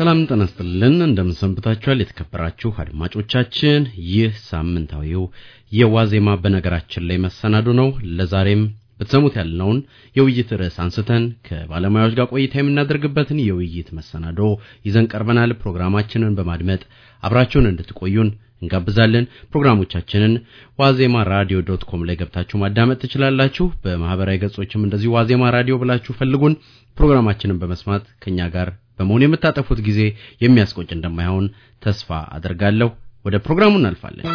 ሰላም ጠነስጥልን እንደምንሰንብታችኋል የተከበራችሁ አድማጮቻችን፣ ይህ ሳምንታዊው የዋዜማ በነገራችን ላይ መሰናዱ ነው። ለዛሬም በተሰሙት ያለውን የውይይት ርዕስ አንስተን ከባለሙያዎች ጋር ቆይታ የምናደርግበትን የውይይት መሰናዶ ይዘን ቀርበናል። ፕሮግራማችንን በማድመጥ አብራችሁን እንድትቆዩን እንጋብዛለን። ፕሮግራሞቻችንን ዋዜማ ራዲዮ ዶት ኮም ላይ ገብታችሁ ማዳመጥ ትችላላችሁ። በማህበራዊ ገጾችም እንደዚሁ ዋዜማ ራዲዮ ብላችሁ ፈልጉን። ፕሮግራማችንን በመስማት ከኛ ጋር በመሆኑ የምታጠፉት ጊዜ የሚያስቆጭ እንደማይሆን ተስፋ አደርጋለሁ። ወደ ፕሮግራሙ እናልፋለን።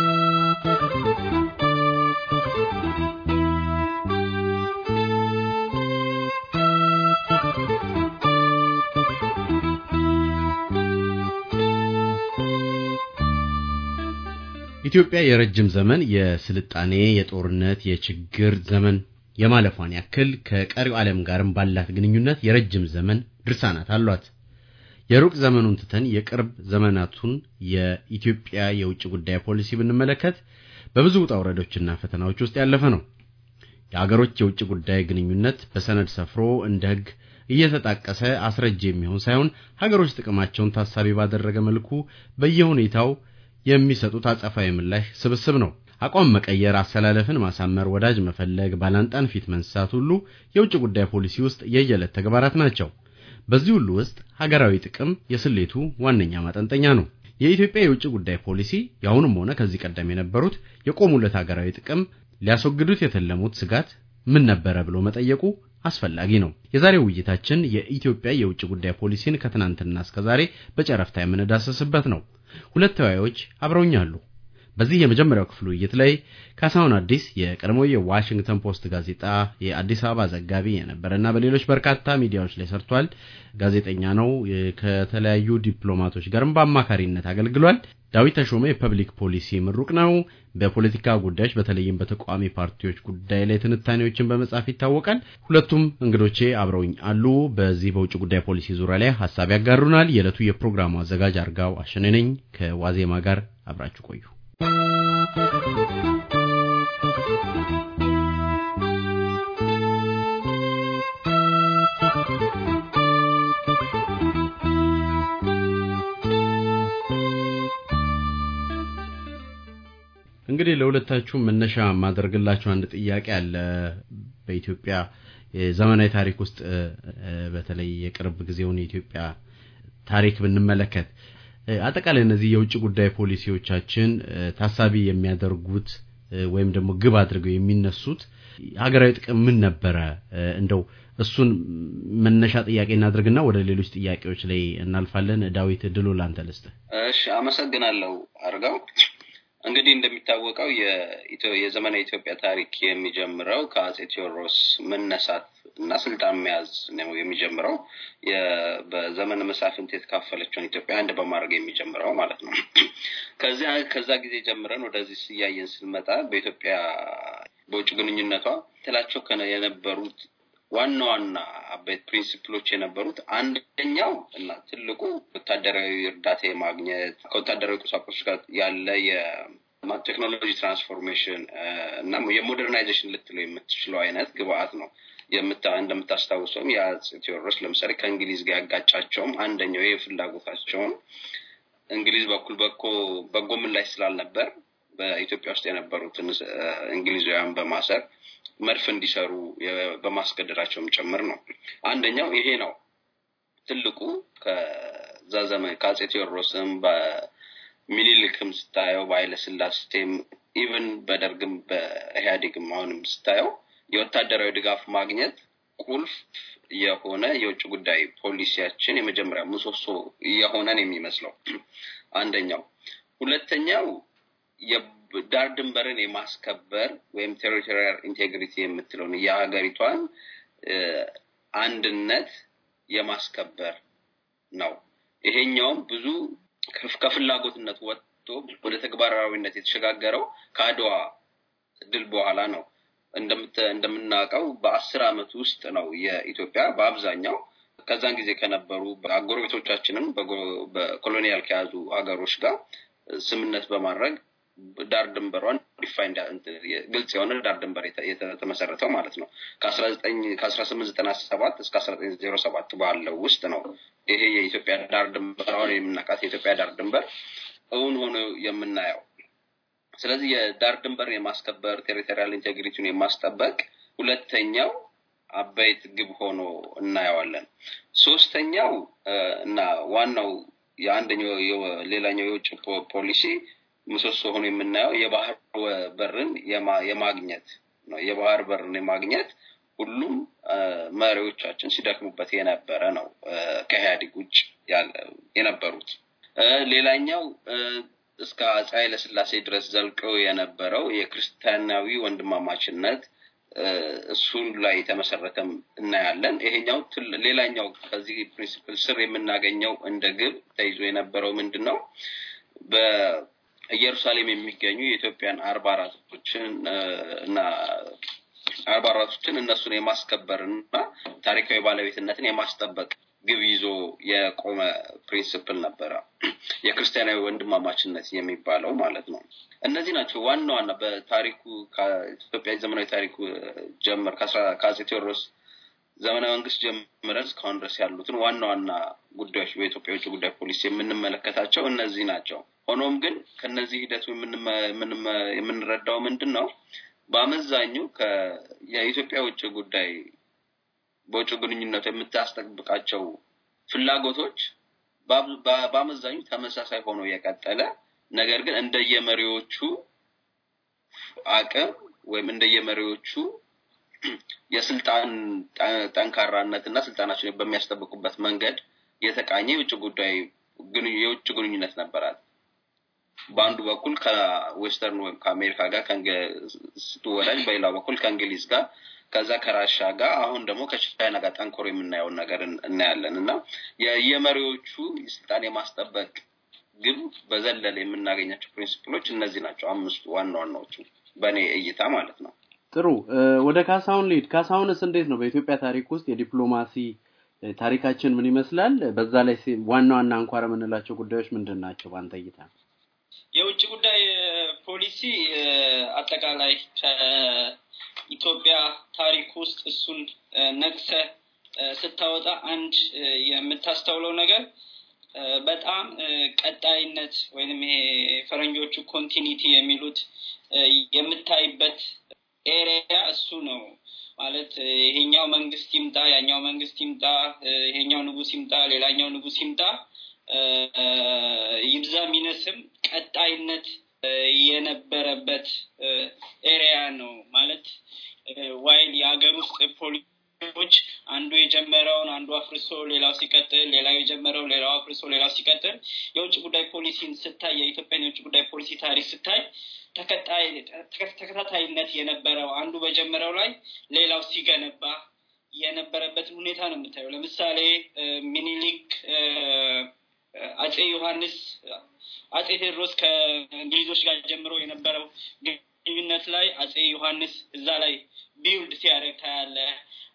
ኢትዮጵያ የረጅም ዘመን የስልጣኔ፣ የጦርነት፣ የችግር ዘመን የማለፏን ያክል ከቀሪው ዓለም ጋርም ባላት ግንኙነት የረጅም ዘመን ድርሳናት አሏት። የሩቅ ዘመኑን ትተን የቅርብ ዘመናቱን የኢትዮጵያ የውጭ ጉዳይ ፖሊሲ ብንመለከት በብዙ ውጣ ውረዶችና ፈተናዎች ውስጥ ያለፈ ነው። የአገሮች የውጭ ጉዳይ ግንኙነት በሰነድ ሰፍሮ እንደ ሕግ እየተጣቀሰ አስረጅ የሚሆን ሳይሆን ሀገሮች ጥቅማቸውን ታሳቢ ባደረገ መልኩ በየሁኔታው የሚሰጡት አጸፋዊ ምላሽ ስብስብ ነው። አቋም መቀየር፣ አሰላለፍን ማሳመር፣ ወዳጅ መፈለግ፣ ባላንጣን ፊት መንሳት ሁሉ የውጭ ጉዳይ ፖሊሲ ውስጥ የየዕለት ተግባራት ናቸው። በዚህ ሁሉ ውስጥ ሀገራዊ ጥቅም የስሌቱ ዋነኛ ማጠንጠኛ ነው። የኢትዮጵያ የውጭ ጉዳይ ፖሊሲ የአሁንም ሆነ ከዚህ ቀደም የነበሩት የቆሙለት ሀገራዊ ጥቅም ሊያስወግዱት የተለሙት ስጋት ምን ነበረ ብሎ መጠየቁ አስፈላጊ ነው። የዛሬው ውይይታችን የኢትዮጵያ የውጭ ጉዳይ ፖሊሲን ከትናንትና እስከ ዛሬ በጨረፍታ የምንዳሰስበት ነው። ሁለት ተወያዮች አብረውኛሉ። በዚህ የመጀመሪያው ክፍሉ ውይይት ላይ ካሳሁን አዲስ የቀድሞ የዋሽንግተን ፖስት ጋዜጣ የአዲስ አበባ ዘጋቢ የነበረና በሌሎች በርካታ ሚዲያዎች ላይ ሰርቷል። ጋዜጠኛ ነው። ከተለያዩ ዲፕሎማቶች ጋርም በአማካሪነት አገልግሏል። ዳዊት ተሾመ የፐብሊክ ፖሊሲ ምሩቅ ነው። በፖለቲካ ጉዳዮች በተለይም በተቃዋሚ ፓርቲዎች ጉዳይ ላይ ትንታኔዎችን በመጻፍ ይታወቃል። ሁለቱም እንግዶቼ አብረውኝ አሉ። በዚህ በውጭ ጉዳይ ፖሊሲ ዙሪያ ላይ ሀሳብ ያጋሩናል። የዕለቱ የፕሮግራሙ አዘጋጅ አርጋው አሸነነኝ ከዋዜማ ጋር አብራችሁ ቆዩ። እንግዲህ ለሁለታችሁ መነሻ የማደርግላችሁ አንድ ጥያቄ አለ። በኢትዮጵያ የዘመናዊ ታሪክ ውስጥ በተለይ የቅርብ ጊዜውን የኢትዮጵያ ታሪክ ብንመለከት አጠቃላይ እነዚህ የውጭ ጉዳይ ፖሊሲዎቻችን ታሳቢ የሚያደርጉት ወይም ደግሞ ግብ አድርገው የሚነሱት ሀገራዊ ጥቅም ምን ነበረ? እንደው እሱን መነሻ ጥያቄ እናድርግና ወደ ሌሎች ጥያቄዎች ላይ እናልፋለን። ዳዊት ድሎ ላንተ ልስጥ። እሺ፣ አመሰግናለሁ አርጋው። እንግዲህ እንደሚታወቀው የዘመነ ኢትዮጵያ ታሪክ የሚጀምረው ከአጼ ቴዎድሮስ መነሳት እና ስልጣን መያዝ ነው የሚጀምረው። በዘመነ መሳፍንት የተካፈለችውን ኢትዮጵያ አንድ በማድረግ የሚጀምረው ማለት ነው። ከዚያ ከዛ ጊዜ ጀምረን ወደዚህ ስያየን ስንመጣ በኢትዮጵያ በውጭ ግንኙነቷ ትላቸው የነበሩት ዋና ዋና አበይት ፕሪንሲፕሎች የነበሩት አንደኛው እና ትልቁ ወታደራዊ እርዳታ የማግኘት ከወታደራዊ ቁሳቁሶች ጋር ያለ ቴክኖሎጂ ትራንስፎርሜሽን እና የሞደርናይዜሽን ልትለው የምትችለው አይነት ግብአት ነው። እንደምታስታውሰውም የአፄ ቴዎድሮስ ለምሳሌ ከእንግሊዝ ጋር ያጋጫቸውም አንደኛው ይህ ፍላጎታቸውን እንግሊዝ በኩል በኮ በጎ ምላሽ ስላልነበር በኢትዮጵያ ውስጥ የነበሩትን እንግሊዛውያን በማሰር መድፍ እንዲሰሩ በማስገደዳቸውም ጭምር ነው። አንደኛው ይሄ ነው ትልቁ ከዛ ዘመን ከአጼ ቴዎድሮስም በሚኒልክም ስታየው ስላስቴም ኢቨን በደርግም በኢህአዴግም አሁንም ስታየው የወታደራዊ ድጋፍ ማግኘት ቁልፍ የሆነ የውጭ ጉዳይ ፖሊሲያችን የመጀመሪያ ምሰሶ የሆነን የሚመስለው አንደኛው። ሁለተኛው ዳር ድንበርን የማስከበር ወይም ቴሪቶሪያል ኢንቴግሪቲ የምትለውን የሀገሪቷን አንድነት የማስከበር ነው። ይሄኛውም ብዙ ከፍላጎትነት ወጥቶ ወደ ተግባራዊነት የተሸጋገረው ከአድዋ ድል በኋላ ነው። እንደምናውቀው በአስር አመት ውስጥ ነው የኢትዮጵያ በአብዛኛው ከዛን ጊዜ ከነበሩ አጎረቤቶቻችንም በኮሎኒያል ከያዙ ሀገሮች ጋር ስምነት በማድረግ ዳር ድንበሯን ዲፋይን ግልጽ የሆነ ዳር ድንበር የተመሰረተው ማለት ነው። ከአስራ ስምንት ዘጠና ሰባት እስከ አስራ ዘጠኝ ዜሮ ሰባት ባለው ውስጥ ነው ይሄ የኢትዮጵያ ዳር ድንበር የምናውቃት የኢትዮጵያ ዳር ድንበር እውን ሆኖ የምናየው። ስለዚህ የዳር ድንበር የማስከበር ቴሪቶሪያል ኢንቴግሪቲን የማስጠበቅ ሁለተኛው አበይት ግብ ሆኖ እናየዋለን። ሶስተኛው እና ዋናው የአንደኛው ሌላኛው የውጭ ፖሊሲ ምሰሶ ሆኖ የምናየው የባህር በርን የማግኘት ነው። የባህር በርን የማግኘት ሁሉም መሪዎቻችን ሲደክሙበት የነበረ ነው፣ ከኢህአዴግ ውጭ የነበሩት። ሌላኛው እስከ አፄ ኃይለስላሴ ድረስ ዘልቀው የነበረው የክርስቲያናዊ ወንድማማችነት እሱን ላይ የተመሰረተም እናያለን። ይሄኛው ሌላኛው ከዚህ ፕሪንሲፕል ስር የምናገኘው እንደ ግብ ተይዞ የነበረው ምንድን ነው? ኢየሩሳሌም የሚገኙ የኢትዮጵያን አርባ አራቶችን እና አርባ አራቶችን እነሱን የማስከበር እና ታሪካዊ ባለቤትነትን የማስጠበቅ ግብ ይዞ የቆመ ፕሪንስፕል ነበረ። የክርስቲያናዊ ወንድማማችነት የሚባለው ማለት ነው። እነዚህ ናቸው ዋና ዋና በታሪኩ ከኢትዮጵያ ዘመናዊ ታሪኩ ጀምር ከአጼ ቴዎድሮስ ዘመነ መንግስት ጀምረን እስካሁን ድረስ ያሉትን ዋና ዋና ጉዳዮች በኢትዮጵያ የውጭ ጉዳይ ፖሊሲ የምንመለከታቸው እነዚህ ናቸው። ሆኖም ግን ከነዚህ ሂደቱ የምንረዳው ምንድን ነው? በአመዛኙ የኢትዮጵያ ውጭ ጉዳይ በውጭ ግንኙነቱ የምታስጠብቃቸው ፍላጎቶች በአመዛኙ ተመሳሳይ ሆኖ የቀጠለ ነገር ግን እንደየመሪዎቹ አቅም ወይም እንደየመሪዎቹ የስልጣን ጠንካራነት እና ስልጣናቸውን በሚያስጠብቁበት መንገድ የተቃኘ የውጭ ጉዳይ የውጭ ግንኙነት ነበራት። በአንዱ በኩል ከዌስተርን ወይም ከአሜሪካ ጋር ስትወዳጅ፣ በሌላ በኩል ከእንግሊዝ ጋር ከዛ ከራሻ ጋር አሁን ደግሞ ከቻይና ጋር ጠንኮሮ የምናየውን ነገር እናያለን እና የመሪዎቹ ስልጣን የማስጠበቅ ግብ በዘለለ የምናገኛቸው ፕሪንሲፕሎች እነዚህ ናቸው። አምስቱ ዋና ዋናዎቹ በእኔ እይታ ማለት ነው። ጥሩ ወደ ካሳሁን ልሂድ። ካሳሁንስ እንዴት ነው በኢትዮጵያ ታሪክ ውስጥ የዲፕሎማሲ ታሪካችን ምን ይመስላል? በዛ ላይ ዋና ዋና አንኳር የምንላቸው ጉዳዮች ምንድን ናቸው በአንተ እይታ? የውጭ ጉዳይ ፖሊሲ አጠቃላይ ከኢትዮጵያ ታሪክ ውስጥ እሱን ነቅሰ ስታወጣ አንድ የምታስተውለው ነገር በጣም ቀጣይነት ወይም ይሄ ፈረንጆቹ ኮንቲኒቲ የሚሉት የምታይበት ኤሪያ እሱ ነው ማለት ይሄኛው መንግስት ይምጣ፣ ያኛው መንግስት ይምጣ፣ ይሄኛው ንጉስ ይምጣ፣ ሌላኛው ንጉስ ይምጣ፣ ይብዛ ሚነስም ቀጣይነት የነበረበት ኤሪያ ነው ማለት ዋይል የሀገር ውስጥ ፖሊ ች አንዱ የጀመረውን አንዱ አፍርሶ ሌላው ሲቀጥል፣ ሌላው የጀመረው ሌላው አፍርሶ ሌላው ሲቀጥል፣ የውጭ ጉዳይ ፖሊሲን ስታይ የኢትዮጵያን የውጭ ጉዳይ ፖሊሲ ታሪክ ስታይ ተከታታይነት የነበረው አንዱ በጀመረው ላይ ሌላው ሲገነባ የነበረበትን ሁኔታ ነው የምታየው። ለምሳሌ ሚኒሊክ አጼ ዮሐንስ አጼ ቴዎድሮስ ከእንግሊዞች ጋር ጀምሮ የነበረው ግንኙነት ላይ አጼ ዮሐንስ እዛ ላይ ቢውልድ ሲያደርግ ታያለ።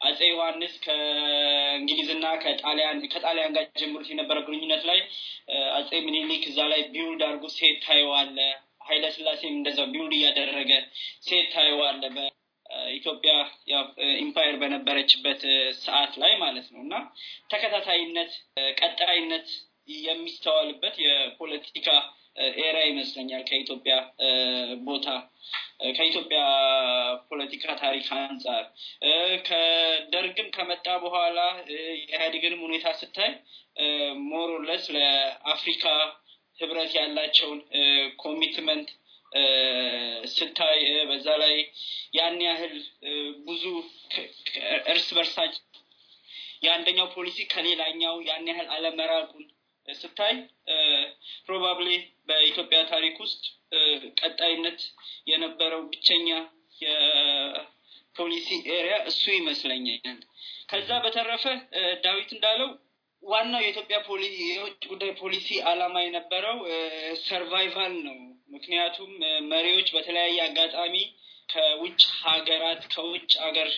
አፄ ዮሐንስ ከእንግሊዝና ከጣሊያን ጋር ጀምሩት የነበረ ግንኙነት ላይ አፄ ምኒልክ እዛ ላይ ቢውልድ አድርጎ ሴት ታየዋለ። ኃይለ ስላሴም እንደዛው ቢውልድ እያደረገ ሴት ታየዋለ። በኢትዮጵያ ኢምፓየር በነበረችበት ሰዓት ላይ ማለት ነው እና ተከታታይነት ቀጣይነት የሚስተዋልበት የፖለቲካ ኤራ ይመስለኛል ከኢትዮጵያ ቦታ ከኢትዮጵያ ፖለቲካ ታሪክ አንጻር ከደርግም ከመጣ በኋላ የኢህአዴግንም ሁኔታ ስታይ ሞሮለስ ለአፍሪካ ህብረት ያላቸውን ኮሚትመንት ስታይ በዛ ላይ ያን ያህል ብዙ እርስ በርሳች የአንደኛው ፖሊሲ ከሌላኛው ያን ያህል አለመራቁን ስታይ ፕሮባብሊ በኢትዮጵያ ታሪክ ውስጥ ቀጣይነት የነበረው ብቸኛ የፖሊሲ ኤሪያ እሱ ይመስለኛል። ከዛ በተረፈ ዳዊት እንዳለው ዋናው የኢትዮጵያ የውጭ ጉዳይ ፖሊሲ ዓላማ የነበረው ሰርቫይቫል ነው። ምክንያቱም መሪዎች በተለያየ አጋጣሚ ከውጭ ሀገራት ከውጭ ሀገር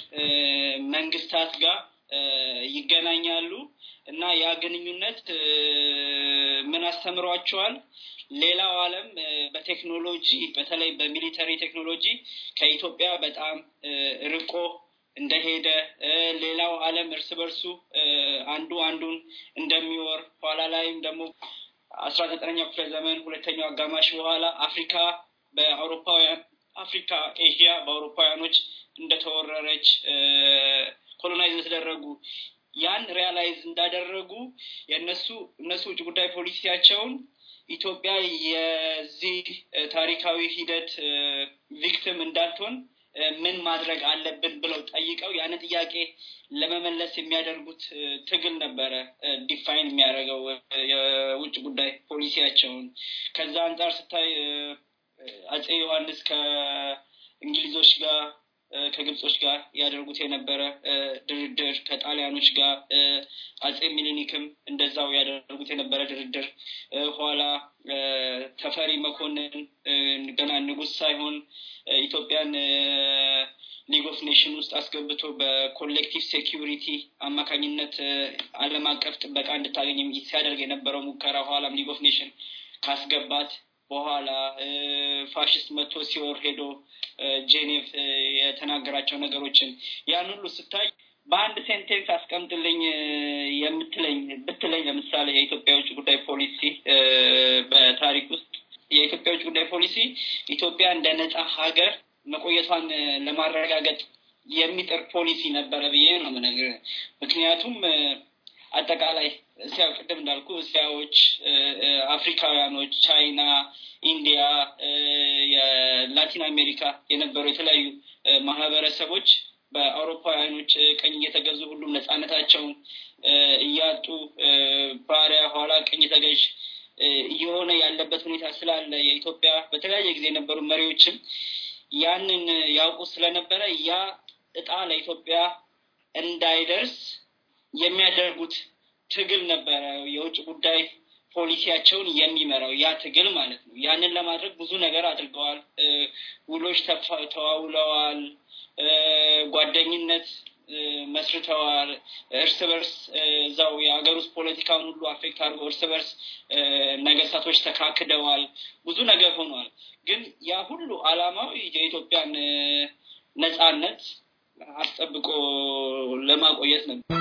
መንግስታት ጋር ይገናኛሉ። እና ያ ግንኙነት ምን አስተምሯቸዋል? ሌላው ዓለም በቴክኖሎጂ በተለይ በሚሊተሪ ቴክኖሎጂ ከኢትዮጵያ በጣም ርቆ እንደሄደ ሌላው ዓለም እርስ በርሱ አንዱ አንዱን እንደሚወር ኋላ ላይም ደግሞ አስራ ዘጠነኛው ክፍለ ዘመን ሁለተኛው አጋማሽ በኋላ አፍሪካ በአውሮፓውያን አፍሪካ ኤዥያ በአውሮፓውያኖች እንደተወረረች ኮሎናይዝ እንደተደረጉ ያን ሪያላይዝ እንዳደረጉ የእነሱ እነሱ ውጭ ጉዳይ ፖሊሲያቸውን ኢትዮጵያ የዚህ ታሪካዊ ሂደት ቪክቲም እንዳትሆን ምን ማድረግ አለብን ብለው ጠይቀው ያን ጥያቄ ለመመለስ የሚያደርጉት ትግል ነበረ ዲፋይን የሚያደርገው የውጭ ጉዳይ ፖሊሲያቸውን። ከዛ አንጻር ስታይ አፄ ዮሐንስ ከእንግሊዞች ጋር ከግብጾች ጋር ያደርጉት የነበረ ድርድር ከጣሊያኖች ጋር አጼ ሚኒሊክም እንደዛው ያደርጉት የነበረ ድርድር ኋላ ተፈሪ መኮንን ገና ንጉስ ሳይሆን ኢትዮጵያን ሊግ ኦፍ ኔሽን ውስጥ አስገብቶ በኮሌክቲቭ ሴኪሪቲ አማካኝነት አለም አቀፍ ጥበቃ እንድታገኝ ሲያደርግ የነበረው ሙከራ ኋላም ሊግ ኦፍ ኔሽን ካስገባት በኋላ ፋሽስት መቶ ሲወር ሄዶ ጄኔቭ የተናገራቸው ነገሮችን ያን ሁሉ ስታይ በአንድ ሴንቴንስ አስቀምጥልኝ የምትለኝ ብትለኝ ለምሳሌ የኢትዮጵያ ውጭ ጉዳይ ፖሊሲ በታሪክ ውስጥ የኢትዮጵያ ውጭ ጉዳይ ፖሊሲ ኢትዮጵያ እንደ ነጻ ሀገር መቆየቷን ለማረጋገጥ የሚጥር ፖሊሲ ነበረ ብዬ ነው የምነግርህ። ምክንያቱም አጠቃላይ እስያ ቅድም እንዳልኩ እስያዎች፣ አፍሪካውያኖች፣ ቻይና፣ ኢንዲያ፣ የላቲን አሜሪካ የነበሩ የተለያዩ ማህበረሰቦች በአውሮፓውያኖች ቀኝ እየተገዙ ሁሉም ነጻነታቸውን እያጡ ባሪያ፣ ኋላ ቀኝ ተገዥ እየሆነ ያለበት ሁኔታ ስላለ የኢትዮጵያ በተለያየ ጊዜ የነበሩ መሪዎችም ያንን ያውቁ ስለነበረ ያ እጣ ለኢትዮጵያ እንዳይደርስ የሚያደርጉት ትግል ነበረ። የውጭ ጉዳይ ፖሊሲያቸውን የሚመራው ያ ትግል ማለት ነው። ያንን ለማድረግ ብዙ ነገር አድርገዋል። ውሎች ተዋውለዋል። ጓደኝነት መስርተዋል። እርስ በርስ እዛው የሀገር ውስጥ ፖለቲካውን ሁሉ አፌክት አድርገው እርስ በርስ ነገስታቶች ተካክደዋል። ብዙ ነገር ሆኗል። ግን ያ ሁሉ አላማው የኢትዮጵያን ነጻነት አስጠብቆ ለማቆየት ነበር።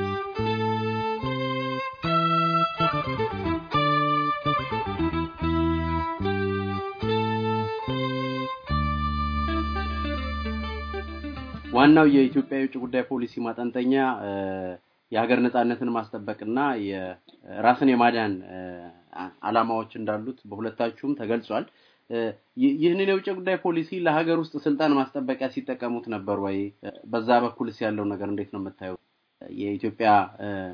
ዋናው የኢትዮጵያ የውጭ ጉዳይ ፖሊሲ ማጠንጠኛ የሀገር ነጻነትን ማስጠበቅና ራስን የማዳን አላማዎች እንዳሉት በሁለታችሁም ተገልጿል። ይህንን የውጭ ጉዳይ ፖሊሲ ለሀገር ውስጥ ስልጣን ማስጠበቂያ ሲጠቀሙት ነበር ወይ? በዛ በኩልስ ያለው ነገር እንዴት ነው የምታየው? የኢትዮጵያ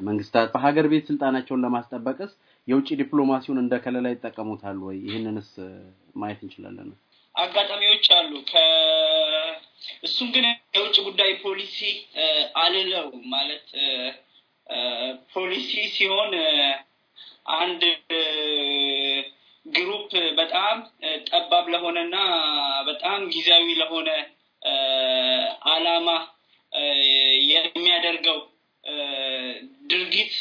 መንግስታት በሀገር ቤት ስልጣናቸውን ለማስጠበቅስ የውጭ ዲፕሎማሲውን እንደ ከለላ ይጠቀሙታል ወይ? ይህንንስ ማየት እንችላለን። አጋጣሚዎች አሉ። እሱም ግን የውጭ ጉዳይ ፖሊሲ አልለው ማለት ፖሊሲ ሲሆን አንድ ግሩፕ በጣም ጠባብ ለሆነና በጣም ጊዜያዊ ለሆነ አላማ የሚያደርገው ድርጊት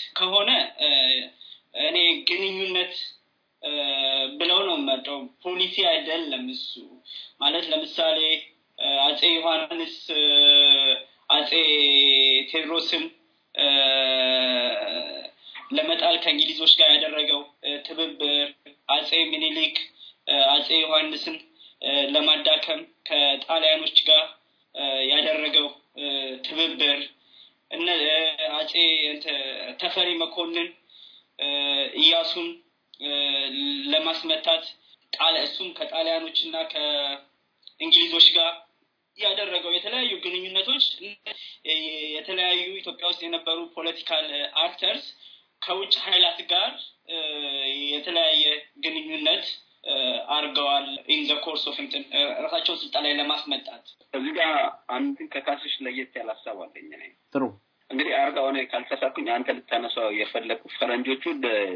ኢያሱን ለማስመታት እሱም ከጣሊያኖች እና ከእንግሊዞች ጋር ያደረገው የተለያዩ ግንኙነቶች የተለያዩ ኢትዮጵያ ውስጥ የነበሩ ፖለቲካል አክተርስ ከውጭ ኃይላት ጋር የተለያየ ግንኙነት አድርገዋል። ኢን ዘ ኮርስ ኦፍ እንትን ራሳቸውን ስልጣን ላይ ለማስመጣት እዚህ ጋር አንድን ከካስሽ ለየት ያለ ጥሩ እንግዲህ አርጋው እኔ ካልተሳኩኝ አንተ ልታነሳው የፈለግኩ ፈረንጆቹ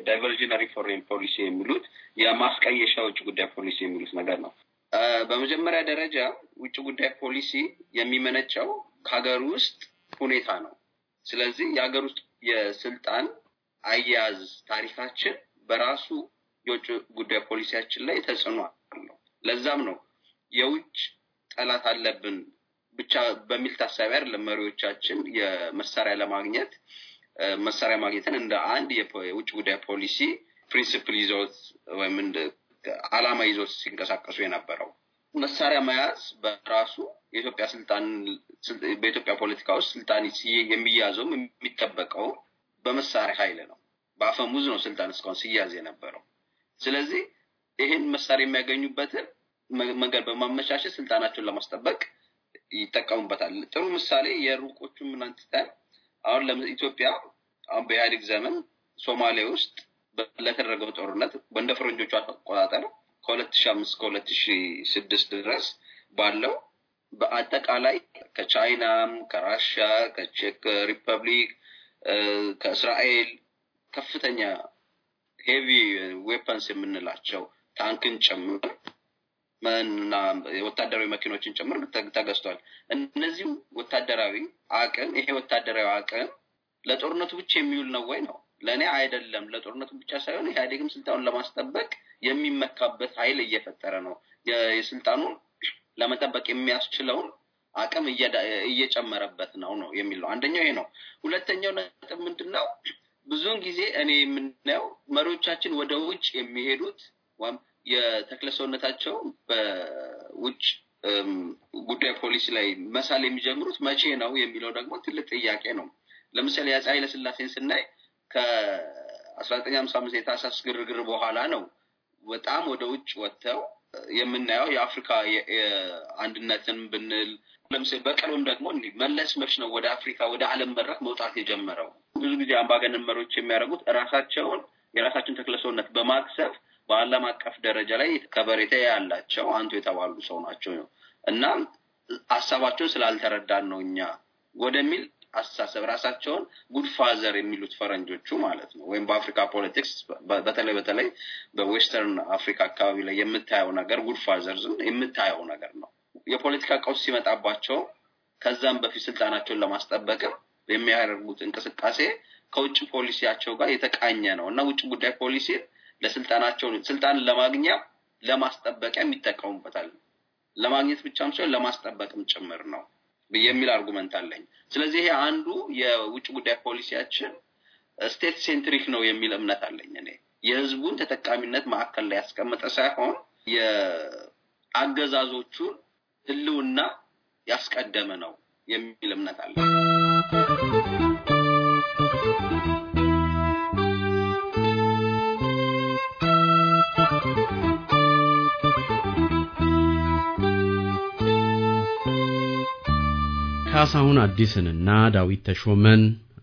ዳይቨርዥነሪ ፎሬን ፖሊሲ የሚሉት የማስቀየሻ ውጭ ጉዳይ ፖሊሲ የሚሉት ነገር ነው። በመጀመሪያ ደረጃ ውጭ ጉዳይ ፖሊሲ የሚመነጨው ከሀገር ውስጥ ሁኔታ ነው። ስለዚህ የሀገር ውስጥ የስልጣን አያያዝ ታሪካችን በራሱ የውጭ ጉዳይ ፖሊሲያችን ላይ ተጽዕኖ አለው። ለዛም ነው የውጭ ጠላት አለብን ብቻ በሚል ታሳቢ አይደለም መሪዎቻችን የመሳሪያ ለማግኘት መሳሪያ ማግኘትን እንደ አንድ የውጭ ጉዳይ ፖሊሲ ፕሪንስፕል ይዞት ወይም አላማ ይዞት ሲንቀሳቀሱ የነበረው መሳሪያ መያዝ በራሱ የኢትዮጵያ ስልጣን በኢትዮጵያ ፖለቲካ ውስጥ ስልጣን የሚያዘውም የሚጠበቀው በመሳሪያ ኃይል ነው። በአፈሙዝ ነው ስልጣን እስካሁን ሲያዝ የነበረው። ስለዚህ ይህን መሳሪያ የሚያገኙበትን መንገድ በማመቻቸት ስልጣናቸውን ለማስጠበቅ ይጠቀሙበታል። ጥሩ ምሳሌ የሩቆቹ ምናንትተን አሁን ኢትዮጵያ አሁን በኢህአዴግ ዘመን ሶማሌ ውስጥ ለተደረገው ጦርነት በእንደ ፈረንጆቹ አቆጣጠር ከሁለት ሺ አምስት ከሁለት ሺ ስድስት ድረስ ባለው በአጠቃላይ ከቻይናም ከራሽያ ከቼክ ሪፐብሊክ ከእስራኤል ከፍተኛ ሄቪ ዌፐንስ የምንላቸው ታንክን ጨምር እና ወታደራዊ መኪኖችን ጭምር ተገዝቷል። እነዚህም ወታደራዊ አቅም ይሄ ወታደራዊ አቅም ለጦርነቱ ብቻ የሚውል ነው ወይ ነው? ለእኔ አይደለም። ለጦርነቱ ብቻ ሳይሆን ኢህአዴግም ስልጣኑን ለማስጠበቅ የሚመካበት ኃይል እየፈጠረ ነው። የስልጣኑን ለመጠበቅ የሚያስችለውን አቅም እየጨመረበት ነው ነው የሚለው አንደኛው ይሄ ነው። ሁለተኛው ነጥብ ምንድን ነው? ብዙውን ጊዜ እኔ የምናየው መሪዎቻችን ወደ ውጭ የሚሄዱት የተክለ ሰውነታቸው በውጭ ጉዳይ ፖሊሲ ላይ መሳል የሚጀምሩት መቼ ነው የሚለው ደግሞ ትልቅ ጥያቄ ነው። ለምሳሌ የአፄ ኃይለ ሥላሴን ስናይ ከአስራ ዘጠኝ አምስት የታህሳስ ግርግር በኋላ ነው በጣም ወደ ውጭ ወጥተው የምናየው የአፍሪካ አንድነትን ብንል ለምሳሌ በቅርብም ደግሞ መለስ መች ነው ወደ አፍሪካ ወደ ዓለም መድረክ መውጣት የጀመረው። ብዙ ጊዜ አምባገነን መሪዎች የሚያደርጉት ራሳቸውን የራሳቸውን ተክለ ሰውነት በማክሰፍ በዓለም አቀፍ ደረጃ ላይ ከበሬታ ያላቸው አንቱ የተባሉ ሰው ናቸው ነው እና ሀሳባቸውን ስላልተረዳን ነው እኛ ወደሚል አስተሳሰብ ራሳቸውን ጉድፋዘር የሚሉት ፈረንጆቹ ማለት ነው። ወይም በአፍሪካ ፖለቲክስ በተለይ በተለይ በዌስተርን አፍሪካ አካባቢ ላይ የምታየው ነገር ጉድፋዘር የምታየው ነገር ነው። የፖለቲካ ቀውስ ሲመጣባቸው ከዛም በፊት ስልጣናቸውን ለማስጠበቅም የሚያደርጉት እንቅስቃሴ ከውጭ ፖሊሲያቸው ጋር የተቃኘ ነው እና ውጭ ጉዳይ ፖሊሲን ለስልጣናቸው ስልጣን ለማግኛ ለማስጠበቂያም የሚጠቀሙበታል። ለማግኘት ብቻም ሳይሆን ለማስጠበቅም ጭምር ነው የሚል አርጉመንት አለኝ። ስለዚህ ይሄ አንዱ የውጭ ጉዳይ ፖሊሲያችን ስቴት ሴንትሪክ ነው የሚል እምነት አለኝ እኔ የህዝቡን ተጠቃሚነት ማዕከል ላይ ያስቀመጠ ሳይሆን የአገዛዞቹን ህልውና ያስቀደመ ነው የሚል እምነት አለ። ካሳሁን አዲስንና ዳዊት ተሾመን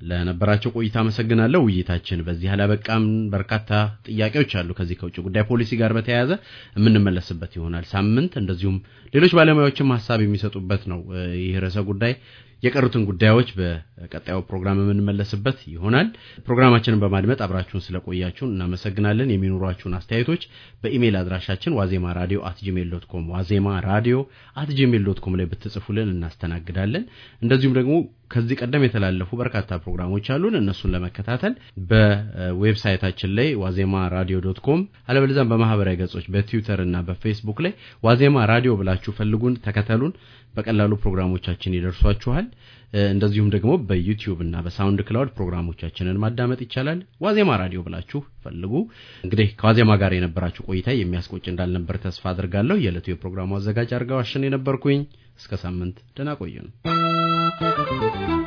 ለነበራቸው ቆይታ አመሰግናለሁ። ውይይታችን በዚህ አላበቃም። በርካታ ጥያቄዎች አሉ ከዚህ ከውጭ ጉዳይ ፖሊሲ ጋር በተያያዘ የምንመለስበት ይሆናል። ሳምንት እንደዚሁም ሌሎች ባለሙያዎችም ሀሳብ የሚሰጡበት ነው ይህ ርዕሰ ጉዳይ። የቀሩትን ጉዳዮች በቀጣዩ ፕሮግራም የምንመለስበት ይሆናል። ፕሮግራማችንን በማድመጥ አብራችሁን ስለቆያችሁን እናመሰግናለን። የሚኖሯችሁን አስተያየቶች በኢሜይል አድራሻችን ዋዜማ ራዲዮ አት ጂሜል ዶት ኮም ዋዜማ ራዲዮ አት ጂሜል ዶት ኮም ላይ ብትጽፉልን እናስተናግዳለን። እንደዚሁም ደግሞ ከዚህ ቀደም የተላለፉ በርካታ ፕሮግራሞች አሉን። እነሱን ለመከታተል በዌብሳይታችን ላይ ዋዜማ ራዲዮ ዶት ኮም አለበለዚያም በማህበራዊ ገጾች በትዊተር እና በፌስቡክ ላይ ዋዜማ ራዲዮ ብላችሁ ፈልጉን፣ ተከተሉን። በቀላሉ ፕሮግራሞቻችን ይደርሷችኋል። ይቻላል። እንደዚሁም ደግሞ በዩቲዩብ እና በሳውንድ ክላውድ ፕሮግራሞቻችንን ማዳመጥ ይቻላል። ዋዜማ ራዲዮ ብላችሁ ፈልጉ። እንግዲህ ከዋዜማ ጋር የነበራችሁ ቆይታ የሚያስቆጭ እንዳልነበር ተስፋ አድርጋለሁ። የዕለቱ የፕሮግራሙ አዘጋጅ አርጋዋሽን የነበርኩኝ። እስከ ሳምንት ደህና ነው።